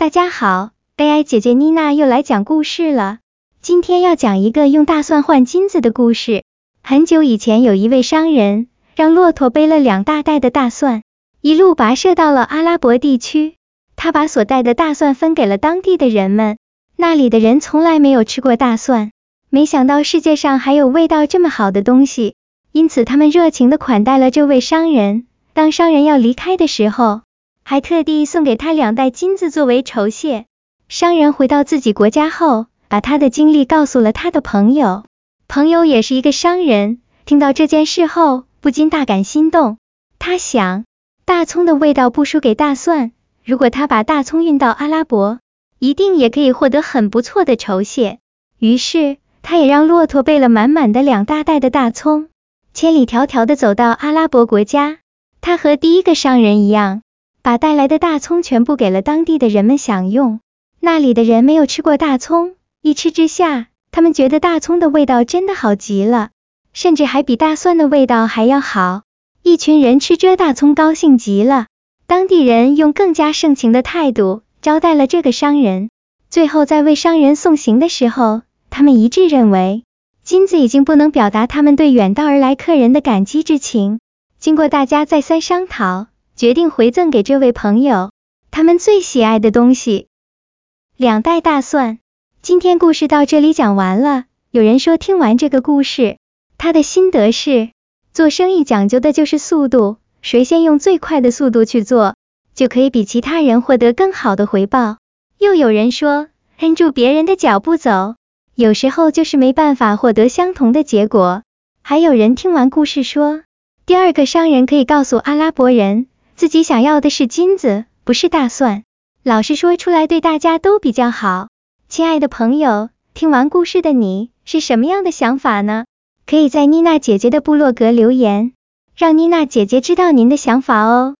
大家好，AI 姐姐妮娜又來講故事了。今天要講一個用大蒜換金子的故事。很久以前，有一位商人，讓駱駝背了兩大袋的大蒜，一路跋涉到了阿拉伯地區。他把所帶的大蒜分給了當地的人們。那裡的人從來沒有吃過大蒜，沒想到世界上還有味道這麼好的東西，因此他們熱情的款待了這位商人。當商人要離開的時候，還特地送給他兩袋金子作為酬謝。商人回到自己國家後，把他的經歷告訴了他的朋友。朋友也是一個商人，聽到這件事後，不禁大感心動。他想，大蔥的味道不輸給大蒜，如果他把大蔥運到阿拉伯，一定也可以獲得很不錯的酬謝。於是，他也讓駱駝背了滿滿的兩大袋的大蔥，千里迢迢的走到阿拉伯國家。他和第一個商人一樣，把帶來的大蔥全部給了當地的人們享用。那裡的人沒有吃過大蔥，一吃之下，他們覺得大蔥的味道真的好極了，甚至還比大蒜的味道還要好。一群人吃着大蔥，高興極了。當地人用更加盛情的態度招待了這個商人。最後在為商人送行的時候，他們一致認為金子已經不能表達他們對遠道而來客人的感激之情。經過大家再三商討，決定回贈給這位朋友他們最喜愛的東西，兩袋大蒜。今天故事到這裡講完了。有人說，聽完這個故事，他的心得是做生意講究的就是速度，誰先用最快的速度去做，就可以比其他人獲得更好的回報。又有人說，跟住別人的腳步走，有時候就是沒辦法獲得相同的結果。還有人聽完故事說，第二個商人可以告訴阿拉伯人。自己想要的是金子，不是大蒜。老實說出來，對大家都比較好。親愛的朋友，聽完故事的你是什麼樣的想法呢？可以在妮娜姐姐的部落格留言，讓妮娜姐姐知道您的想法哦。